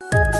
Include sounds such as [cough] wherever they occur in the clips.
thank you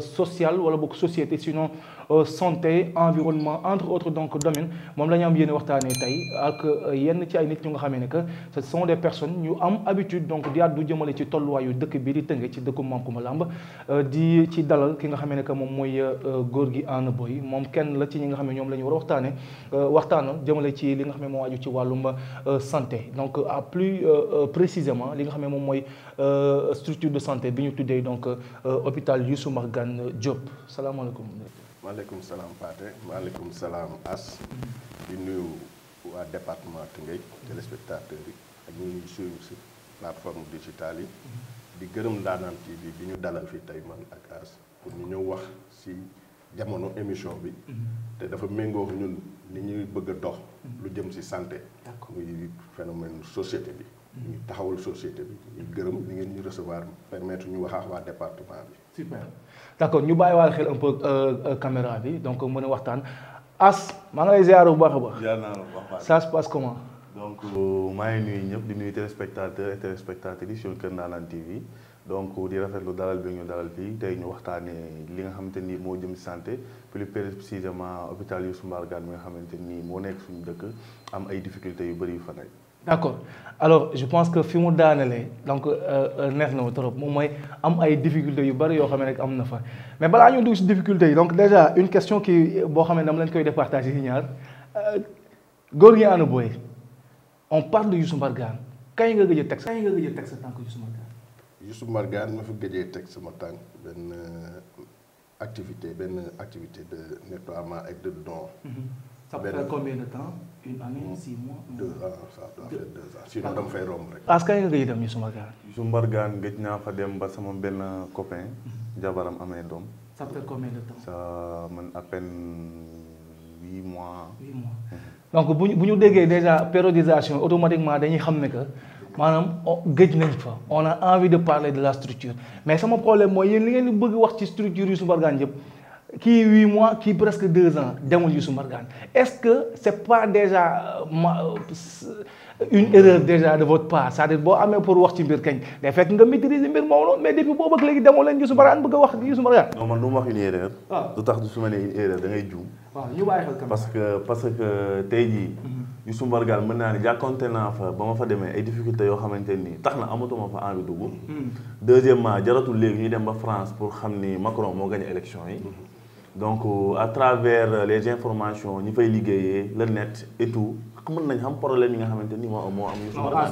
sociale wala boog société sinon Euh, santé environnement entre autres donc domaines moom lañu am yéen waxtaanee tey ak euh, yenn ci ay nit ñu nga xamee ne que ce son des personnes ñu am habitude donc di du jëmale ci tolluwaayu dëkk bi di tënge ci dëkku Mame Coumba Lamb euh, di ci dalal ki nga xamee ne que moom mooy góor gi Ana Boy moom kenn la ci ñi nga xam ne ñoom la ñu war a waxtaanee waxtaana jëmale ci li nga xam ne moo aju ci wàllum santé donc à plus précisément li nga xam ne moom mooy structure de santé bi ñu tuddee donc hôpital Youssou Mbargane Diop salaamaaleykum maaleykum salaam Pathé maaleykum salaam As. di nuyu waa département Tëngéej téléspectateurs yi ak ñuy suivre si plateforme digitale yi. di gërëm Ndanane TV bi ñu dalal fii tey man ak As pour ñu ñëw wax si jamono émission bi. te dafa méngoo ñun ni ñuy bëgg a dox. lu jëm si santé. muy phénomène société bi. ñu taxawal société bi ñu gërëm li ngeen ñu recevoir permettre ñu waxaax waa département bi. super. d'accord ñu bàyyi waal xel un peu euh, euh, caméra bi donc mën a waxtaan As maa ngi lay bu baax a baax. naa la bu baax ça se comment. donc euh, maa ngi nuyu ñëpp di nuyu téléspectateurs et téléspectatrices sur Kër Ndanane TV donc di rafet rafetlu dalal bi ñu dalal fii tey ñu waxtaanee li nga xamante ni moo jëm santé plus précisément hôpital Youssou Mbargane mi nga xamante nii moo nekk suñu dëkk am ay difficulté yu bëri yu fa d' accord alors je pense que fi mu daanelee donc euh, euh, neex na ma trop moom mooy am ay difficultés yu bëri yoo xam ne rek am na fa mais balaa ñu dugg si difficultés yi donc déjà une question ki boo xam ne dama leen koy départager si ñaar euh, gi Ana booy on parle de Youssou Mbargane kañ nga gëj a teg sa kañ nga gëj a teg sa tànk Youssou Mbargane. ma fi gëjee teg sama tànk benn activité benn activité de nettoiement ak de don. Mm-hmm. ça peut faire combien de temps une année six mois. deux ans ça doit faire deux ans sinon dama fay romb nga gëj dem Sumbargaan. Sumbargaan gëj naa fa dem ba sama benn copain. Mhm. jabaram amee doom. ça fait combien de temps. ça man à peine huit mois. huit mois mhm. donc bu ñu bu ñu déggee déjà périodisation automatiquement dañuy xam ne que maanaam oh, gëj nañ fa on a envie de parler de la structure mais sama problème mooy yéen li ngeen bëgg wax ci structure yu Sumbargaan yëpp. kii huit mois kii presque deux ans demul Youssou Mbargane est-ce que c'est pas déjà euh, euh, une erreur déjà de votre part cest à boo amee pour wax ci mbir kañ day fekk nga maîtriser mbir moom noonu mais depuis boobu ak léegi demoo leen Youssou Mbargane bëgg a wax Youssou Mbargane non man ah. du da ngay juum ah, parce que parce que tey jii mm-hmm. Youssou Mbargane mën naa ne jàkkonte naa fa ba ma fa demee ay difficultés yoo xamante nii tax na amatuma fa envie dugg mm-hmm. deuxièmement jaratul léegi ñuy dem ba France pour xam ni Macron moo gagné élection yi mm-hmm. donc euh, à travers euh, les informations ñu fay liggéeyee le net et tout mën nañ xam problème yi nga xamante ni moo moo am.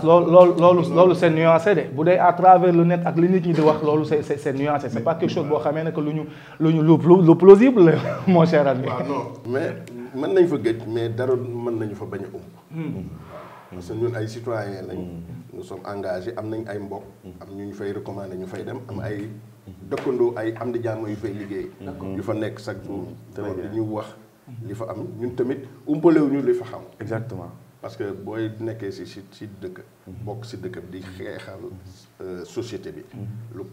loolu loolu loolu loolu seen est de bu dee à travers le net ak li nit ñi di wax loolu c' est c' est pas quelque chose boo xamee ne que lu ñu lu ñu lu lu plausible [laughs] mon cher ami. waaw non mais mën nañ fa gëj mais dara mën nañu fa bañ a ëmb. Hmm. parce ñun ay citoyens lañ. nous sommes engagés am nañ ay mbokk. am ñu ñu fay recommander ñu fay dem am ay. dëkkandoo ay am di jàmm yu fay liggéey yu fa nekk chaque jour di ñuy wax li fa am ñun tamit umpalewuñu li fa xam exactement parce que booy nekkee si si si dëkk mhm. bokk si dëkk bi di xeexal mhm. euh, société bi mhm. lu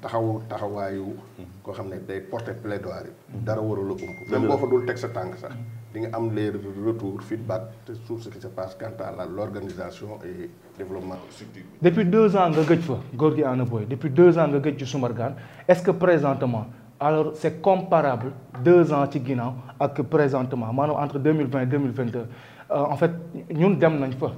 taxaw taxawaayu koo xam ne day porter plaidoirie dara warula ump même boo fa dul teg sa tànk sax di nga am les retours feedback sur qui se passe quant à la l'organisation et développement structure bi. depuis deux ans nga gëj fa góor gi ànd booy depuis deux ans nga gëj ci Soumargane est-ce que présentement alors c'est comparable deux ans ci ginnaaw ak présentement maanaam entre deux mille vingt deux mille vingt deux euh, en fait ñun dem nañ fa.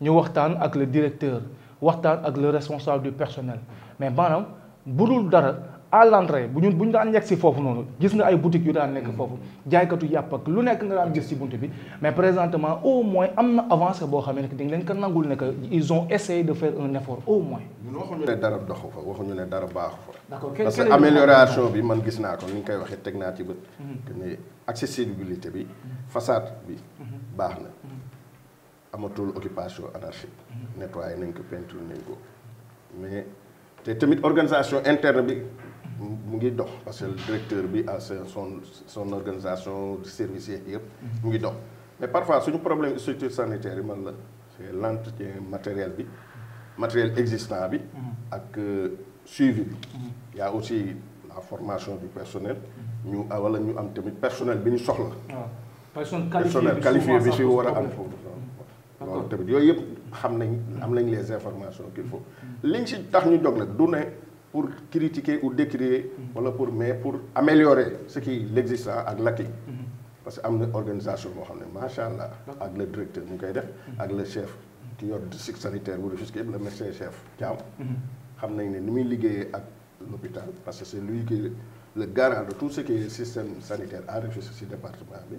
ñu waxtaan ak le directeur waxtaan ak le responsable du personnel mais maanaam budul dara. à l'entrée bu ñun bu ñu daan yegg si foofu noonu gis nga ay boutiques yu daan nekk mm. foofu jaaykatu yàpp ak lu nekk nga daan gis si bunt bi mais présentement au moins am na avancé boo xam ne que di nga leen ko nangul ne que ils ont essayé de faire un effort au moins. ñun ne dara doxu fa waxuñu ne dara baaxu bi man gis naa ko koy waxee teg naa ci mm-hmm. accessibilité bi mm-hmm. façade bi mm-hmm. baax na amatul occupation anarchique nettoyé nañ ko peinture nañ ko mais te tamit organisation interne bi. mu ngi dox parce que directeur bi à son son organisation de service yëpp mu ngi dox mais parfois suñu problème structure sanitaire yi man la c'est l'entretien matériel bi matériel existant bi mm-hmm. ak euh, suivi bi mm-hmm. y aussi la formation bi personnel ñu ah, wala ñu am tamit personnel bi ñu soxla ah, personnel qualifié bi si war a am mm-hmm. tamit yooyu yëpp xam nañ am nañ les informations qu'il li liñ si tax ñu dog nag du ne pour critiquer ou décrier wala pour mais pour améliorer ce qui l'existant ak l'acquis mm-hmm. parce que am na organisation boo xam ne macha allah ak le directeur ñu koy def mm-hmm. ak le chef ki yor district sanitaire bu Rufisque yëpp le médecin chef Thiam mm-hmm. xam nañ ni muy liggéeyee ak l'hôpital parce que c'est lui qui le garant de tout ce qui est système sanitaire à Rufisque ci département bi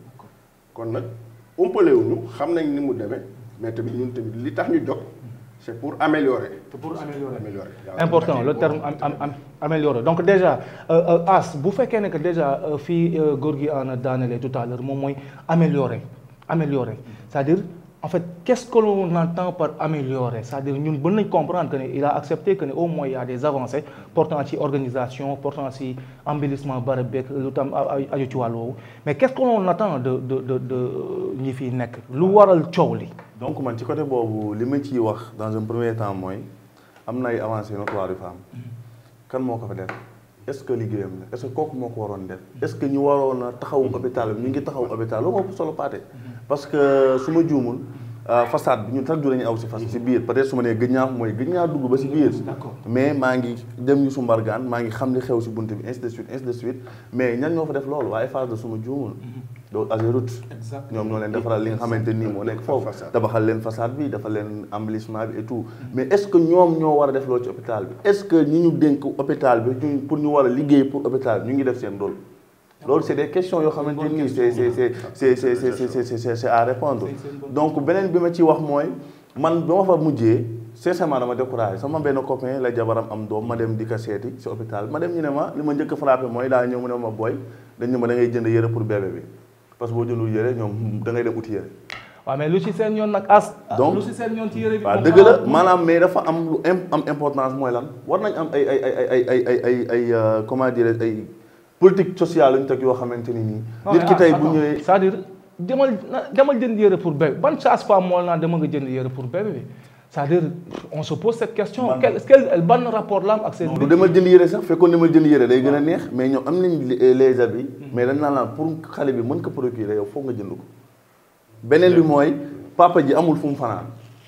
kon nag umpalewuñu xam nañ ni mu demee mais tamit ñun tamit li tax ñu jóg C'est pour améliorer. pour améliorer. améliorer. Important, le terme am, am, am, améliorer. Donc déjà, euh, euh bu fekkee vous faites que déjà, euh, fi euh, Gorgi en Daniel tout à l'heure, moi, améliorer. Améliorer. C'est-à-dire, en fait, qu'est-ce que l'on entend par améliorer C'est-à-dire, nous devons comprendre qu'il a accepté au moins il y a des avancées portant sur organisation, portant ci embellissement, mais qu'est-ce que l'on attend de, de, de, de, de, de, de, de, de, donc man ci côté boobu li ma ciy wax dans un premier temps mooy am na ay avancées notoires yu kan moo ko fa def est-ce que liggéeyam la est que kooku moo ko waroon def est-ce que ñu waroon a taxawu hôpital ñu ngi taxawu hôpital loolu moo ko solo paate parce que su ma juumul euh, façade bi ñu tag ju ñu aw si fas si biir peut-être su ma nee gëj naa mooy gëj naa dugg ba si biir mais maa ngi dem ñu sumbargaan maa ngi xam li xew si bunt bi ainsi de suite de suite mais ñan ñoo fa def waaye phase de su ma juumul mm-hmm. doo Ageroute. ñoom ñoo leen defaral li nga xamante nii moo nekk foofu. tabaxal leen façade bi dafa leen embellissement bi et tout. mais ñoo war a def loolu ci hôpital bi. est ce que a liggéey pour hôpital ñu ngi def seen rôle. loolu c' yoo xamante nii c' est c' est c' est à répondre donc beneen bi ma ci wax mooy man ba ma fa mujjee sincèrement dama découragé sama benn copain la jabaram am doom ma dem di ko seeti si hôpital ma dem ñu ne ma li ma njëkk a mooy daa ñëw mu ne ma booy dañ ne ma da ngay jënd yére pour bébé bi parce que boo jëndul yére ñoom da ngay dem uti yére. waaw mais lu ci seen yoon nag as. donc lu ci seen yoon ci yére bi. waaw dëgg la maanaam mais dafa am lu am importance mooy lan war nañ am ay ay ay ay ay ay ay euh, comment dire ay politique sociale lañ teg yoo xamante ni nii. nit ki ah, tey bu ñëwee saa à dire demal demal jënd yére pour bébé ban chance fois moo naan dama nga jënd yére pour bébé c'est-à-dire on se pose cette question. quel quel ban rapport la am ak seen. du demal jënd yére sax fekkoon demal jënd yére day gën a neex mais ñoom am nañ euh, les habits. mais dañ naan pour xale bi mën ko procurer yow foog nga jënd ko. beneen bi mooy papa ji amul fu mu fanaan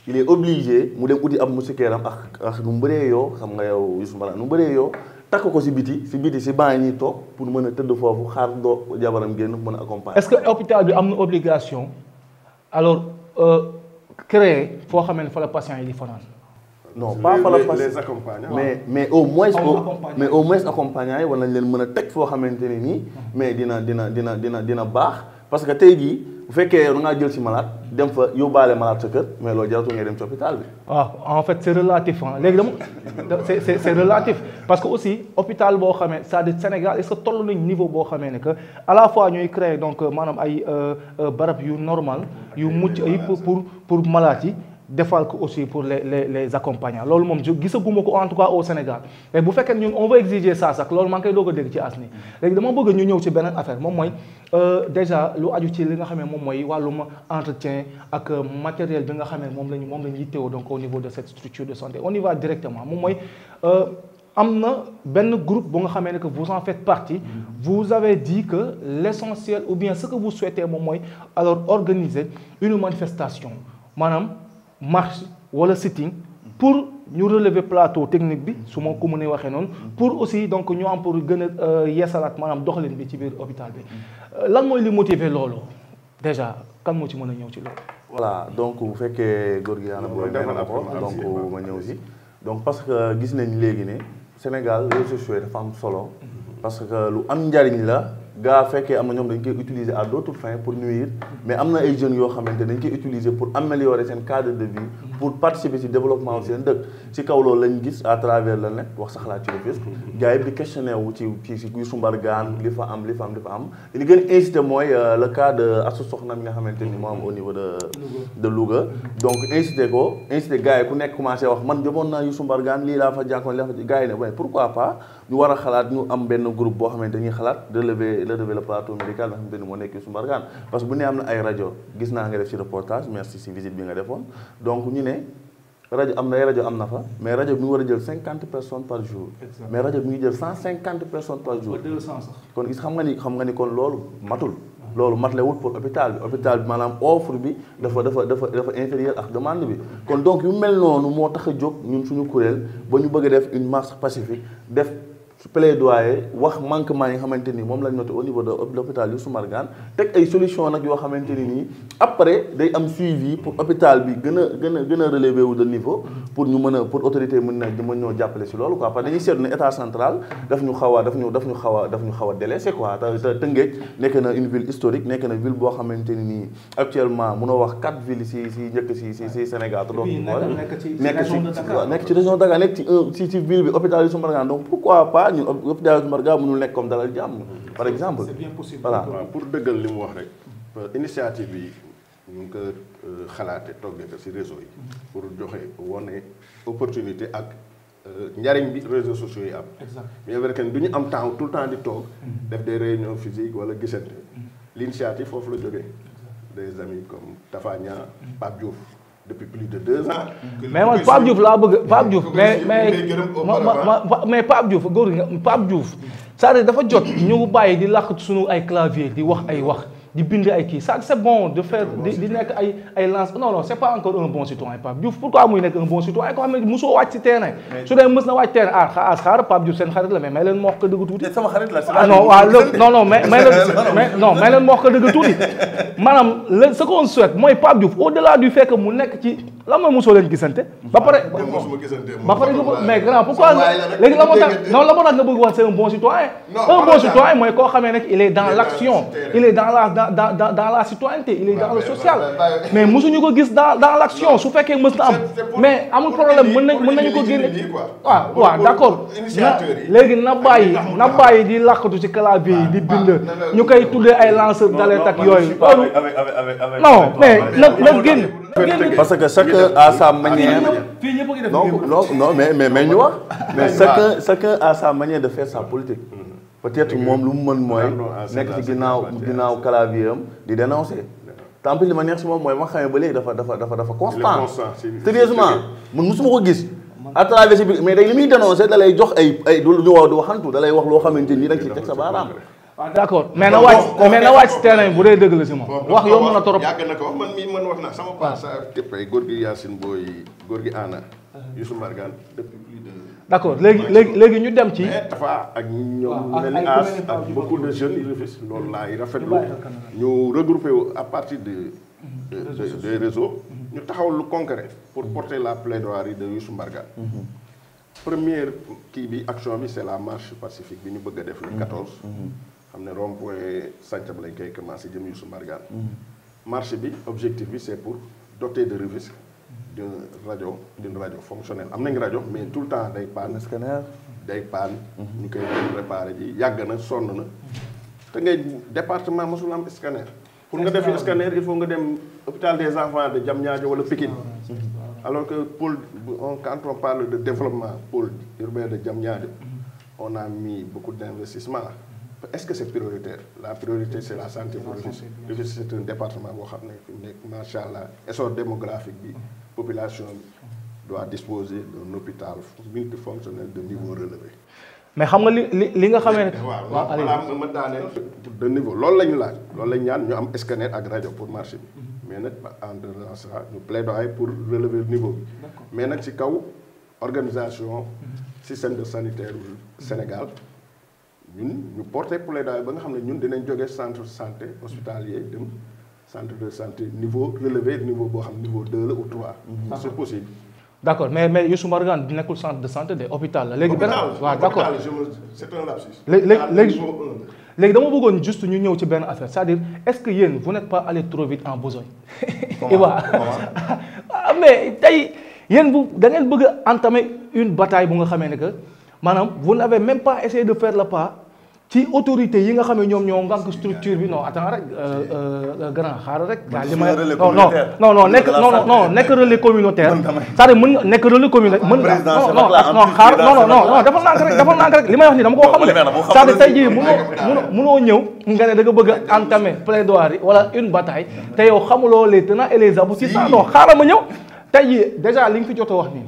il est obligé mu dem uti ab musikeeram ak ak nu mu bëree yoo xam nga yow Youssou Mbarane nu mu bëree yoo takk ko si biti si biti si baa ñuy toog pour mën a tëdd foofu xaar doo jabaram génn mën a que hôpital bi am na obligation alors. Euh, créer foo xamee ne fa la patient yi di fanaan. no pas fa la patient les mais mais au moins. mais au moins accompagnants yi war nañ leen mën a teg foo xamante ne nii. mais dina dina dina dina dina baax parce que tey jii. bu fekkee yow da ngaa jël si malade dem fa yóbbaale malade sa kër mais loolu jaratul ngay dem si hôpital bi. waaw ah, en fait c' est relatif ah léegi dama c' est c' est relatif parce que aussi hôpital boo xamee c' est à dire Sénégal est que toll nañ niveau boo xamee ne que à fois ñuy créer donc euh, maanaam ay euh, euh, barab yu normal yu mucc ayib pour pour malade yi. defal ko aussi pour les les les accompagnants loolu moom gisaguma ko en tout cas au Sénégal léegi bu fekkee ñun on va exiger ça sax loolu maa ngi doog a dégg ci as ni léegi dama bëgg ñu ñëw ci beneen moom mooy euh, déjà lu aju ci li nga xam ne moom mooy wàllum entretien ak euh, matériel bi nga xam ne moom lañu moom lañu yittewoo donc au niveau de cette structure de santé on y va directement moom mooy euh, am na benn groupe bu nga xamee ne que vous en faites partie vous avez dit que l'essentiel ou bien ce que vous souhaitez moom mooy alors organiser une manifestation maanaam marche wala sitting pour ñu relever plateau technique bi su ma ko mënee waxee noonu pour aussi donc ñu am pour gën a euh, yeesalaat maanaam doxalin bi ci biir hôpital bi euh, lan mooy li motiver loolu déjà kan moo ci mën a ñëw ci loolu. voilà donc bu fekkee góor gi daanaka booy mel donc ma ñëw si donc parce que gis nañ léegi ne Sénégal réseaux sociaux dafa am solo mm-hmm. parce que lu am njariñ la. gaa fekkee am na ñoom dañ koy utiliser à d'autres fins pour nuire mais am na ay jeunes yoo xamante dañ koy utiliser pour améliorer seen cadre de vie pour participer ci développement seen dëkk ci kaw loolu lañ gis à travers la net wax sax laa ci Rufisque gars yi di questionné wu ci ci ci Youssou Mbargane li fa am li fa am li fa am li gën incité mooy euh, le cas de Astou Sokhna mi nga xamante ni moo am au niveau de de Louga donc incité ko incité gars yi ku wax man jëmoon naa Youssou Mbargane lii laa fa jànkoon lii ne ñu war a xalaat ñu am benn group boo xamante dañuy xalaat relever relever le plateau médical nga xamante ni moo rajo gis naa nga def ci reportage merci ci visite bi nga defoon ñu ne rajo am na rajo am na fa mais rajo bi mu war a jël cinquante personnes par jour mais rajo bi ngi jël cent cinquante personnes par jour xam nga ni xam nga ni kon loolu matul loolu matlewul pour hôpital bi hôpital bi maanaam offre bi dafa dafa dafa dafa inférieur ak demande bi kon donc yu mel noonu moo tax a jóg ñun suñu kuréel ba ñu bëgg a def une marche pacifique def ci plaidoyer wax manquement yi nga xamante ni moom lañ noté au niveau de l'hôpital Youssou Margane teg ay solution nag pour hôpital bi gën a gën a wu de niveau ñu mën a pour autorité mën na mën ñoo jàppale si loolu quoi parce que dañuy seetlu ne état central daf ñu xaw a daf ñu daf ñu xaw a daf ñu xaw a délaissé quoi te Tëngéej nekk na une ville historique nekk na ville boo xamante ni nii actuellement mënoo wax quatre villes si si njëkk si si si Sénégal te doo nekk ci nekk ci région Dakar nekk ci ci ville bi hôpital Youssou Margane donc pourquoi pas ñun hôpital Marga mënul nekk comme dalal jàmm par exemple. c'est bien pour dëggal li mu wax rek. initiative yi ñu ngi ko euh, xalaate toggee ko si réseau yi. pour joxe wone opportunité ak. Euh, njariñ bi réseau sociaux yi am. mais vrai que du ñu am temps tout le temps di toog. Mm-hmm. def des réunions physiques wala gisante. Mm-hmm. l'initiative foofu la jógee. des amis comme dafa Niang mm-hmm. Pape Diouf. depuis plus de deux ans. mais man Pape Diouf laa bëgg Pape Diouf mais mais mais Pape Diouf góor nga Pape Diouf c'est-à-dire dafa jot ñu bàyyi di làq suñu ay clavier di wax ay wax. di bind ay kii ça c'est bon de faire di nekk ay ay lance non non c'est pas encore un bon citoyen Pape Diouf pourquoi muy nekk un bon citoyen koo xam ne mosoo wàcc ci terrain su dee mës na wàcc terrain ah xaar xaar Pape Diouf seen xarit la mais may leen ma wax ko dëgg tuuti sama xarit la ah, non non non mais may leen [laughs] non may leen ma wax ko dëgg tuuti maanaam le ce qu'on souhaite mooy Pape Diouf au delà du fait que mu nekk ci lan mooy mosoo leen gisante ba pare ah, ba pare mais grand pourquoi léegi la moo tax non la moo tax nga dans dans dans la citoyenneté il est dans le social mais mosuñu ko gis dans dans l'action su fekkee mës na am mais amul problème mën nañ mën nañu ko génne ah, waaw waaw d'accord na léegi na bàyyi ah, na bàyyi di làkkatu ci clavier yi di ah, bind ñu koy tuddee ay lanceur d'alerte ak yooyu loolu non mais na na génn parce que chacun à sa manière non non mais mais mais ñu wax [laughs] mais chacun chacun à sa manière de faire sa politique peut-être moom lu mu mën mooy nekk ci ginnaaw ginnaaw clavier am di dénoncer tant li ma neex si moom mooy ma xamee ba léegi dafa dafa dafa dafa constant sérieusement man musuma ko gis à travers si mais day li muy dénoncer da jox ay ay du ñu wax du waxantu da lay wax loo xamante ni da nga ciy teg sa baaraam waaw ah, d' mais na wàcc mais na wàcc terrain bu dee dëgg la si moom. wax yow mën na trop yàgg na ko wax man mii man gi Yacine Boye góor d' accord léegi léegi léegi ñu dem ci. mais ak ñoom mel ni As ak beaucoup de jeunes yu Rufisque loolu laay rafetlu ñu regroupé wu à partir de. Mhm. des réseaux mhm. ñu taxaw lu concret pour mhm. porter la plaidoirie de Youssou Mbargane première kii bi action bi c' est la marche pacifique bi ñu bëgg a def le 14. xam ne rond point Santhiaba lañ koy commencé jëm Youssou Mbargane marché bi objectif bi c' est pour doter de Rufisque d'une rajo d'une radio fonctionnelle am nañ rajo mais tout temps day paan scanner day paan mhm. ñu koy réparé ji yàgg na sonn na te ngay département mosul am scanner pour nga def scanner il faut nga dem hôpital des enfants de jam Diamniadio wala Pikine ah, alors que pôle on quand on parle de développement pôle urbain de Diamniadio on a mi beaucoup d'investissement est-ce que c'est la priorité c'est la santé pour Rufisque département boo xam ne fi nekk macha allah essor démographique bi population bi doit disposer d'un hôpital multifonctionnel de niveau relevé. mais xam nga li li li nga xamee ne. [laughs] waaw maanaam ma daaneel. de niveau lool la ñu laaj. loolu la ñu ñaan ñu am scanner ak rajo pour marché bi. Mhm. mais nag en tout ça ñu plaidoyer pour relever niveau bi. mais nag ci kaw organisation. Mhm. système de sanitaire Sénégal. ñun ñu porter plaidoyer ba nga xam ne ñun dinañ joge centre santé hospitalier dem. centre de santé niveau relevé xam niveau deux la ou trois. Mhm. ça c'est possible. d' accord mais mais Youssou Mbargane di nekkul centre de santé de hôpital la. léegi benn waaw d' accord c'est un dama bëggoon juste ñu ñëw ci benn affaire cest dire est-ce que yéen vous n'êtes pas allé trop vite en besogne. waaw [laughs] ah, mais tey yéen bu da ngeen bëgg a une bataille bu nga xamee ne que maanaam vous n'avez même pas essayé de faire le pas. ci autorité yi nga xam ne ñoom ñoo ngànk structure bi non attends rek euh, euh, grand xaaral rek. man li ma non non non nekk non non nekk relais communautaire. c'est-à-dire mën nga nekk relais communautaire mën nga non non xaar non non non dafa nànk rek dafa nànk rek li may wax à dire tey jii mënoo nga ne bëgg a entamer plaidoirie wala une bataille te yow xamuloo les tenants et les aboutissants non xaaral ma ñëw tey jii déjà li nga fi jot a wax nii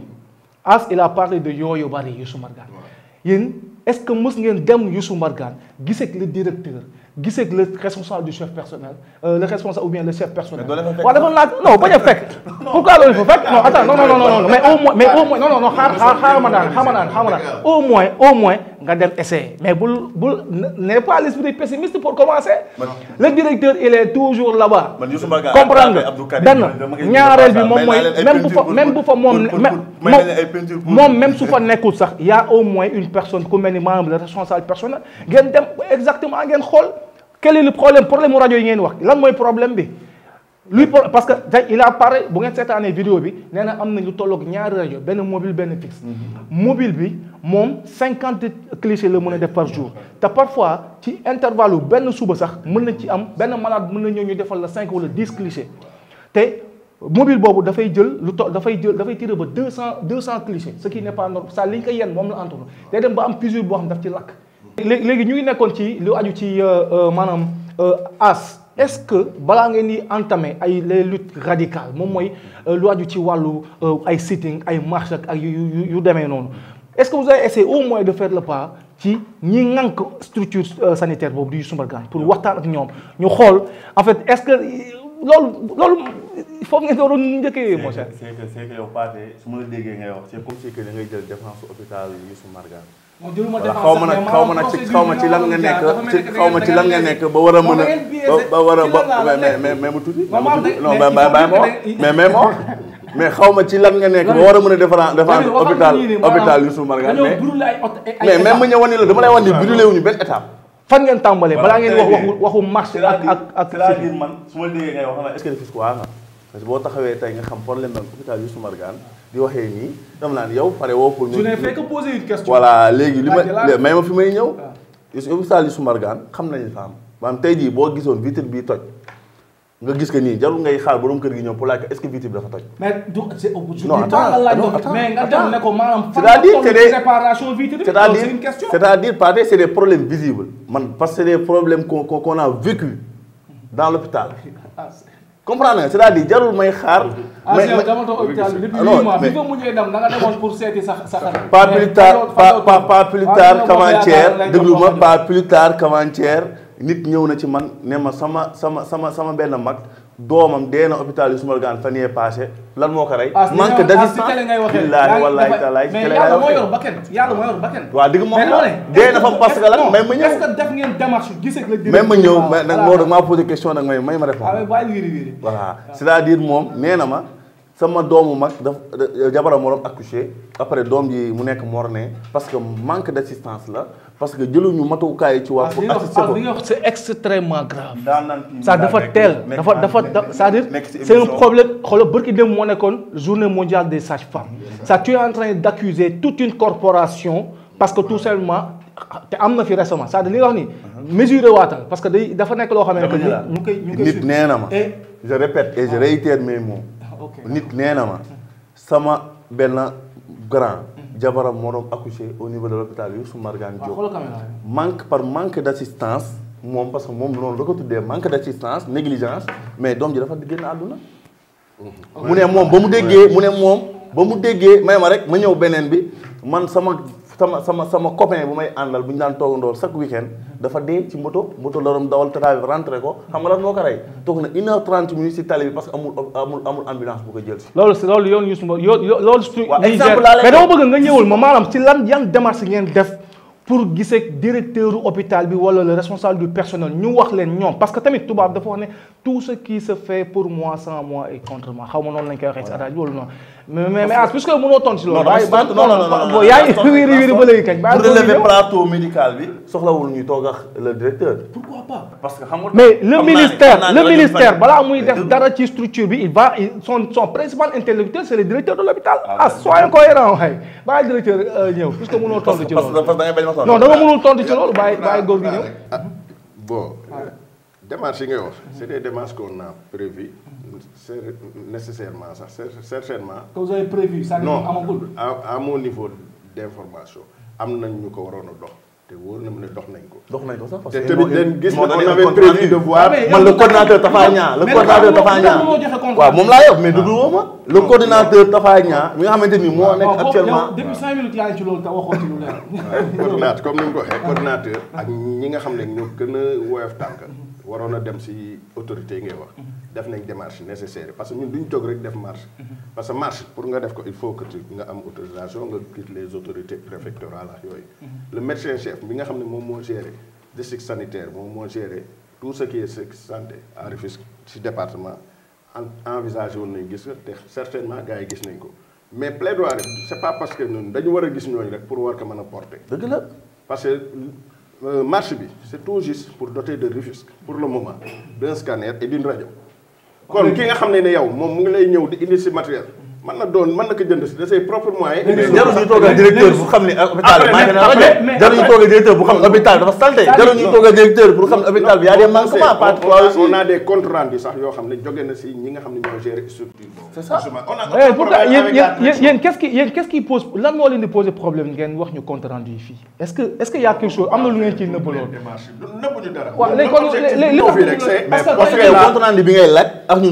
as il a parlé de Yooyu Bari su Mbargane yéen est-ce que mës ngeen dem Youssou Mbargane gis ak le directeur gisee le responsable du chef personnel euh, le responsable ou bien le chef personnel. waaw dafa laaj non bañ a fekk. [laughs] pourquoi loolu fa fekk non attends non non non mais au moins mais au non non non xaar xaar ma daan xaar ma daan xaar ma daan au moins au moins nga dem essayer. mais bul le directeur il est toujours là-bas. comprendre benn ñaareel bi moom mooy même bu fa même bu fa moom moom même su fa nekkul sax y a au moins une personne ku mel ni membre responsable personnel ngeen dem exactement ngeen xool. quel est le problème problème mu rajo yi ngeen wax lan mooy problème bi luy parce que tey il a parlé bu ngeen seetaanee vidéo bi nee am na lu tolloog ñaari rajo benn mobile benn fixe. Mm-hmm. mobile bi moom cinquante clichés la mën a def par jour te parfois ci intervalle benn suba sax mën na ci am benn malade mën na ñëw ñu defal la cinq wala dix clichés te mobile boobu dafay jël lu to dafay jël dafay tiré ba deux cent deux cent clichés ce qui n'est pas normal ça am plusieurs boo xam daf ci lakk. léegi léegi ñu ngi nekkoon ci lu aju ci euh, euh, maanaam euh, as est-ce que balaa ngeen di entamer ay les luttes radicales moom mooy lu aju ci wàllu ay sitting ay marche ak yu yu demee noonu est-ce que vous avez essayé au moins de faire le pas ci ñi ŋànk structure sanitaire boobu di Sumbargane pour waxtaan ak ñoom ñu xool en fait est-ce que loolu loolu foofu ngeen doon njëkkee. mon cher c'est que c'est que yow Pathé su ma la déggee ngay jël défense hôpital Youssou Mbargane xaw ma nag xaw ma nag ci ma ci lan nga nekk xaw ma ci lan nga nekk ba war a mën a ba war a ba mais mais mais mu tuddi non ba ba ba mais mais moo mais xaw ma [laughs] ci lan nga nekk ba war a mën a défendre défendre hôpital hôpital Youssou Mbargane mais mais ma ñëwoon ni la dama lay wax ni wu wuñu benn étape fan ngeen tàmbalee balaa ngeen wax waxu waxu marche ak ak ak su ma déggee ngay wax est-ce que parce boo taxawee tey nga xam problème am hôpital Youssou Mbargane di waxee nii dama naan yow pare woo pour ñu poser une question voilà léegi li ma may ma fi may ñëw ah. hôpital Youssou Mbargane xam nañu fa am maanaam tey jii boo gisoon vitre bii toj nga gis que nii jarul ngay xaar boroom kër gi ñëw pour laaj est-ce que bi dafa toj mais du non attends mais nga dem ne ko maanaam séparation vitre c'est une question c'est-à-dire pas man parce que c'est des problèmes qu'on qu'on a vécu dans l'hôpital ah, comprendre nga c'est-à-dire jarul may xaar. mais mais dama toog hôpital bi depuis ah, huit mois bi nga mujjee dem da nga demoon pour seeti sa sa xarit. pas plus tard pas pas plus tard qu'avant-hier pas plus tard quavant nit ñëw na ci man ne ma sama sama sama sama benn mag. doomam dee na hôpital yu Soumargane fan yee passé lan moo ko rey. Ah, manque ah, d'assistance billaahi wallaahi taalaahi mais yàlla moo yor bakkan yàlla moo yor bakkan waaw dëgg moom la dee na fa parce que lan may ma ñëw est may ma ñëw nag moo da maa posé question nag may ma répondre ah, voilà c'est-à-dire moom nee na ma sama doomu mag daf jabaram morom accouché après doom ji mu nekk morne parce que manque d' assistance la parce que jëluñu matukaay ci waa. pour assister ko ah c' est extrêmement grave. ça dafa teel dafa dafa c' est à dire c' est un problème xoolal barki dem moo nekkoon journée mondiale des sages femmes. ça tu es en train d' parce que tout simplement. te am na fi récemment c'est-à-dire li nga wax parce que day dafa nekk loo xamante ni. ñu koy ñu nit nee na ma. je répète et je ah. réitère mes mots. nit nee na ma sama benn grand. jabaram moo doon au niveau de l'hôpital Youssou Margane Diop manque par manque d' assistance moom parce que moom loolu la ko tuddee manque d' assistance négligence mais doom ji dafa génn àdduna mu ne moom ba mu déggee mu ne moom ba mu déggee may ma rek ma ñëw beneen bi man sama sama sama sama copain bu may àndal bu ñu daan toogandoo chaque weekend dafa dee ci moto moto la doon dawal travi rentré ko xam nga lan moo ko rey toog na une heure trente minutes si tali bi parce que amul amul amul ambulance bu ko jël si loolu si loolu yoon Youssou Mbaye loolu si lan yan ngeen def pour gisee directeur hôpital bi wala le responsable du personnel ñu wax leen ñoom parce que tamit tubaab dafa wax ne tout ce qui se fait pour moi sans moi xaw ma noonu lañ koy waxee si attaque mais mais mais as ah, puisque mënoo tontu si loolu. non non non yaay [laughs] wiri wiri ba léegi kañ. ba relever plateau médical bi. soxlawul ñuy toog ak le directeur. pourquoi pas parce que xam nga. mais le ministère le ministère balaa muy def dara ci structure bi il va son son principal interlocuteur c' est le directeur de l'hôpital ah, ah soyons cohérents waay bàyyi directeur euh, ñëw puisque mënoo tontu ci loolu. parce que da ngay bañ ma tontu non dama mënul tontu ci loolu bàyyi ah, bàyyi góor gi bon euh, démarche yi ngay wax c' est des démarches qu'on a prévues nécessairement sax certainement. que vous avez prévu ça non amagul à à mon niveau d' am nañ ñu ko waroon a dox. te wóor na mu ne dox nañ ko. dox nañ ko sax parce que leen gis na on avait ah, man le coordinateur Tafa Niang le coordinateur Tafa Niang waaw moom laa yor mais ah. xamante ni moo nekk actuellement. depuis cinq minutes yaa ngi ci loolu te waxoo ci lu comme ni mu ko waxee coordinateur ak ñi nga xam ne ñoo gën a woyof tànk. waroon a dem si autorité yi ngay wax mhm. def nañ démarche nécessaire parce que ñun duñ toog rek def marche mhm. parce que marche pour nga def ko il faut que tu nga am autorisation nga quitte les autorités préfectorales ak yooyu mhm. le médecin chef bi nga xam ne moom moo géré district sanitaire moom moo géré tout ce qui est santé à Rufisque si département envisagé woon nañ gis te certainement gars yi gis nañ ko mais plaidoirie c'est pas parce que ñun dañu war a gis ñooñu rek pour war ko mën a euh, marche bi c'est tout juste pour doter de Rufisque pour le moment d'un scanner et d'une radio kon ki nga xam ne ne yow moom mu ngi lay ñëw di indi si matériel mën na doon mën na ko jënd si de jarul ñu toog a bu xam ne euh, hôpital bi maa ngi rafet jarul ñu toog a bu xam ne hôpital dafa salté jarul ñu toog a directeur xam ne hôpital bi y a des manquements pas on a des comptes rendus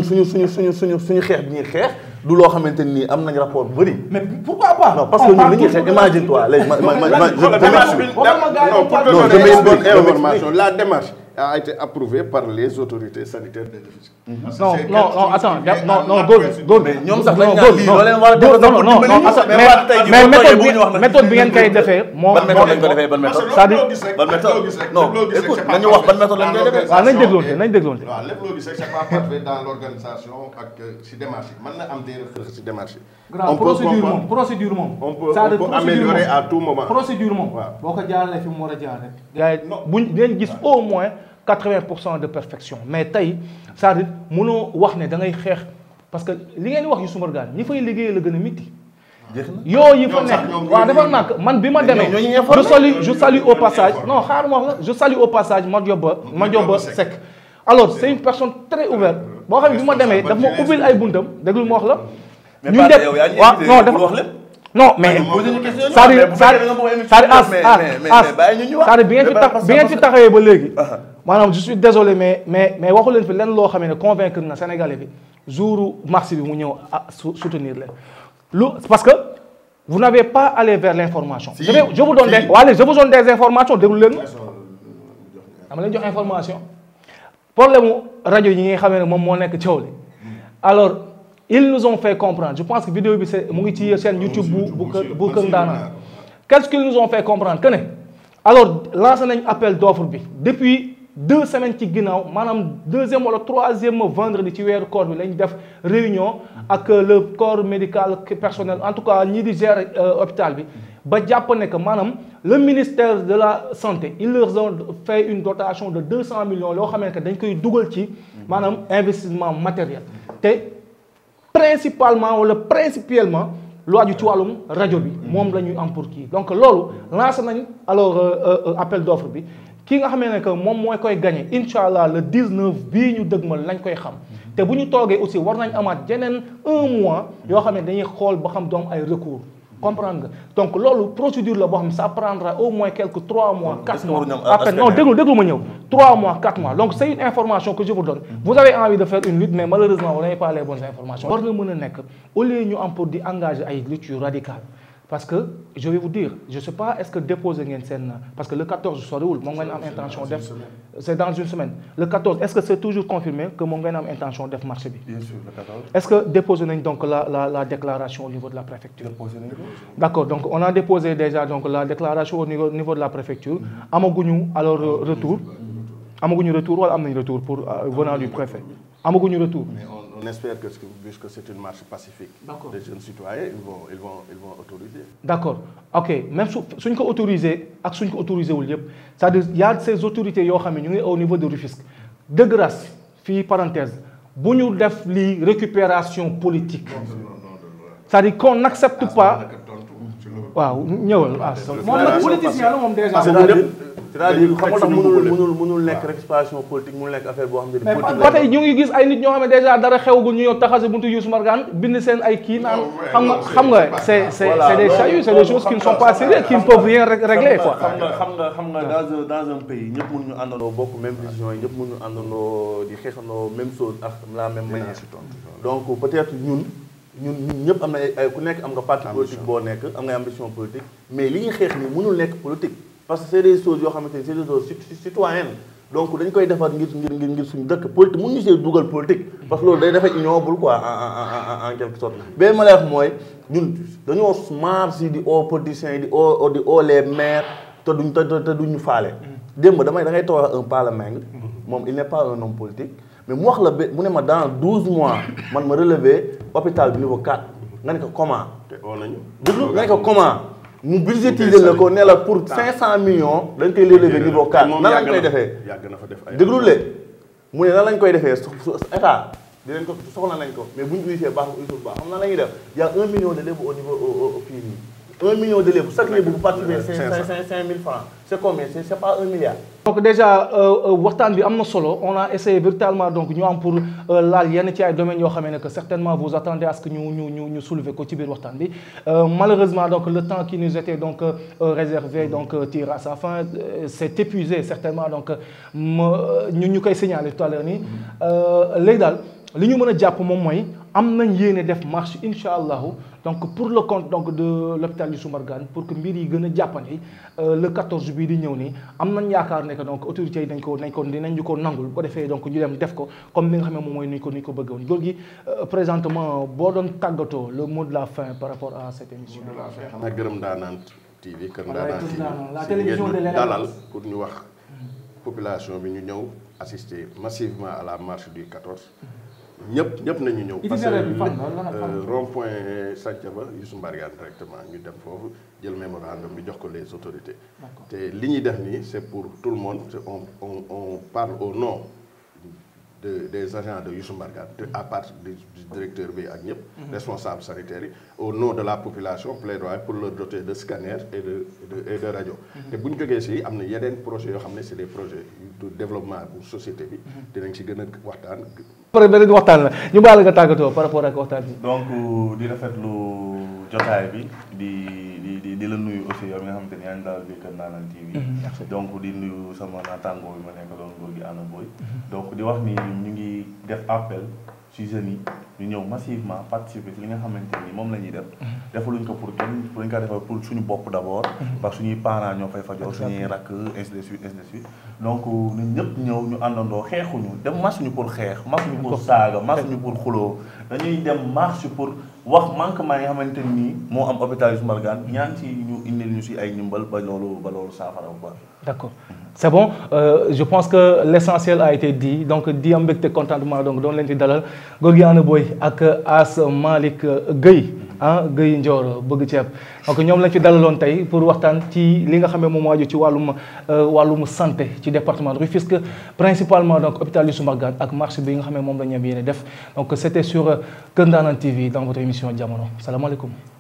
suñu suñu suñu suñu suñu xeex bi ñuy xeex du loo xamante ni am nañ rapport bu bëri. mais pourquoi pas. non parce que ñun li ñuy xeex imagine toi léegi ma ma ma. je non pour te donner une bonne information la démarche. a été approuvé par les autorités sanitaires de Rufisque. Mhm. non non non attends non non góor góor ñoom sax dañu naan lii loo leen war a def non non mais méthode bi méthode bi ngeen koy defee. moo ban méthode lañ ko defee ban méthode. c'est-à-dire ban méthode non écoute nañu wax ban méthode lañ koy defee. waaw nañ dégloonte nañ dégloonte. waaw lépp loo gis rek c'est pas parfait dans l'organisation ak si euh, démarche yi mën na am des rëq si démarche yi. on peut procédure moom procédure moom. on peut on peut améliorer à tout moment. procédure moom boo ko jaaralee fi mu war a jaar rek. gars yi buñ dinañ gis au moins 80 pour cent de perfection mais tey c'est-à-dire mënoo wax ne da ngay xeex parce que li ngeen wax yu sumargaan ñi fay liggéey la gën a miti yoo yi fa nekk waaw dafa nàkk man bi ma demee je salue je salue au passage non xaar ma wax la je salue au passage Madioba Madioba Seck alors c'est une personne très ouverte boo xam ne bi ma demee daf ma ubbil ay buntam déglu ma wax la ñu def waaw non mais c'est-à-dire c'est-à-dire bi ngeen ci tax bi ngeen ci taxawee ba léegi ah, ah. maanaam je suis désolé mais mais waxu leen fi lenn loo xamee ne convaincre na Sénégalais bi jouru mars bi mu ñëw ah soutenir leen lu parce que vous n'avez pas allé vers l'information je je vous donne des waa léegi je vous donne des informations déglu leen dama leen jox information problème mu rajo yi nga xamee ne moom moo nekk coow li alors ils nous on fait comprendre je pense que vidéo bi c'est mu ngi ci chaîne YouTube bu bu kër bu kër Ndaanaan qu'est-ce qu'ils nous ont fait comprendre que ne alors lancé nañ appel d'offre bi depuis deux semaines ci ginnaaw maanaam deuxième wala troisième vendredi ci weeru corps bi lañ def réunion ak le corps médical personnel en tout cas ñi di gérer euh, hôpital bi ba jàpp ne que maanaam le ministère de la santé ils leur ont fait une dotation de deux cent millions loo xam ne que dañ koy dugal ci maanaam investissement matériel principalement wala principalement lu aju ci wàllum rajo bi moom la ñuy am pour kii donc loolu lancé nañ alors euh, euh, euh, appel d'offre bi ki nga xamee ne que moom mooy koy gagné incha allah le 19 bii ñu dëgmal lañ koy xam te bu ñu toogee aussi war nañ amaat jeneen un mois yoo xam ne dañuy xool ba xam doom ay recours comprend nga donc loolu procédure la boo xam ça prendra au moins quelque trois mois quatre mois à peine non déglu déglu ma ñëw trois mois quatre mois donc c'est une information que je donne vous avez envie de faire une lutte mais malheureusement vous pas les bonnes informations war na mën a nekk au lieu am pour di engager ay luttes yu radicales parce que je vais vous dire je sais pas est-ce que déposer ngeen seen parce que le 14 soriwul moom ngeen am intention def c'est dans une semaine le 14 est-ce que c'est toujours confirmé que moom ngeen am def marché bien est-ce que déposer nañ donc la déclaration au niveau de la préfecture d'accord on a déposé déjà donc la déclaration au niveau, de la préfecture amaguñu alors retour amaguñu retour pour euh, venant du préfet amaguñu on espère que puisque c'est une marche pacifique des jeunes d'accord ok même su suñ autorisé ak suñ ko autorisé wul yëpp c'est-à-dire y a ces autorités yoo xam ne ñu ngi au niveau de Rufisque de grâce fii parenthèse bu ñu def lii récupération politique c'est-à-dire qu'on n'accepte ah, pas waaw ñëwal ah moom nag politicien la moom déjà c'est-à-dire xamul tax mënul nekk rek situation politique nekk affaire boo xam ne mais ba tey ñu ngi gis ay nit ñoo xam ne déjà dara xewagul ñu ñëw taxase buntu Youssou Mbargane bind seen nga xam nga c'est c'est c'est des àndandoo bokk même décision yi ñëpp mënuñu àndandoo di xeexandoo même chose ak la même na ay ku nekk am nga parti politique boo nekk am nga ambition politique mais li ñuy xeex ni mënul nekk politique parce que c' est yoo xamante ni c' est des choses donc dañ koy defar ngir ngir ngir ngir suñu dëkk politique mun ñu see dugal politique parce que loolu day defee ignoble quoi en quelque sorte. beneen ma la wax mooy ñun dañoo smart si di oo politiciens yi di oo di oo les maires te duñ te te duñu faale. démb damay da ngay toog un moom il n' est pas un homme politique mu wax la ba mu ne ma dans douze mois man ma relevé hôpital bi niveau nga ne ko comment. te oo nañu. mu budgétiser la ko ne la pour 500 millions. dañ koy relever niveau 4 nan lañ koy defee. yàgg na fa def ay déglu leen mu ne nan lañ koy defee état dinañ ko ko mais bu ñu uyisee baax uyisul baax xam na la ñuy def y' a 1 million d'élèves au niveau fii nii 1 million d'élèves chaque élève bu participer 5 donc déjà euh, euh, waxtaan bi am na solo on a essayé véritablement donc ñu am pour euh, laal yenn ci ay domaines yoo xamee ne que certainement vous attendez à ce que ñu ñu ñu ñu soulever ko ci biir waxtaan bi malheureusement donc le temps qui nous était donc réservé donc tire à sa fin c'est épuisé certainement donc ma ñu ñu koy signaler tout ni l'heure léegi daal li ñu mën a jàpp moom mooy am nañ yéene def marche incha allahu donc pour le compte donc de l'hôpital du Soumargane pour que mbir yi gën a jàppandi euh, le 14 bii di ñëw nii am nañ yaakaar ne que donc autorité yi dañ ko nañ ko dinañ ñu ko nangul bu ko defee donc ñu dem def ko comme ni nga xam ne moom mooy ni ko ni ko bëgg woon góor gi euh, présentement boo doon tàggatoo le mot la fin par rapport à cette émission. mot de la fin xanaa gërëm Ndaanaan TV kër Ndaanaan la télévision de l'élève dalal pour ñu wax mm-hmm. population bi ñu ñëw assister massivement à la marche du 14. ñëpp ñëpp nañu ñëw. parce que euh, rond point Santhiaba Youssou Mbargane directement ñu def foofu jël mémorandum bi jox ko les autorités. te li ñuy def nii c' pour tout le monde on on on parle au nom. de des agents de Youssou Mbargane à partir du directeur bi ak ñëpp mhm. responsable sanitaire yi au nom de la population plaidoyer pour leur doter de scanners et de de radio mhm. te bu ñu si am na yeneen projets yoo xam ne c'est des projets de développement pour société bi mhm. dinañ si gën a waxtaan pare beneen nga tàggatoo par rapport ak waxtaan bi donc euh, di rafetlu jotaay bi di di di la nuyu aussi yow nga xamante ni yaa daal biir Kër Ndanane TV. Mhm, donc di nuyu sama naataangoo bi ma nekk doon góor gi Anna Boy. Mhm. donc di wax ni ñu ngi def appel ci jeunes yi ñu ñëw massivement participer ci li nga xamante ni moom la ñuy def. Mhm. defaluñ ko pour kenn pour ñu ko defal pour suñu bopp d' abord. parce que suñuy parents ñoo fay fajoo suñuy rakk ainsi de suite donc ñëpp ñëw ñu àndandoo xeexuñu dem marche ñu pour xeex marche ñu pour saaga marche ñu wax manquement yi nga xamante nii moo am hôpital Youssou Mbargane ñaan ci ñu indil ñu si ay ndimbal ba loolu ba loolu saafara bu baax. d'accord bon euh, je pense que l'essentiel a été dit donc di am mbégte contentement donc doon leen ci dalal góor gi Anna Boye ak As Malick Gueye ah Guèye Ndioro bëgg ceeb donc ñoom lañ fi dalaloon tey pour waxtaan ci li nga xam ne moom moo aju ci wàllum euh, wàllum santé ci département de Rufisque principalement donc hôpital su Mbargane ak marché bi nga xam ne moom la ñu def donc c' était sur euh, Kër Ndanane TV dans votre émission jamono salaamaaleykum.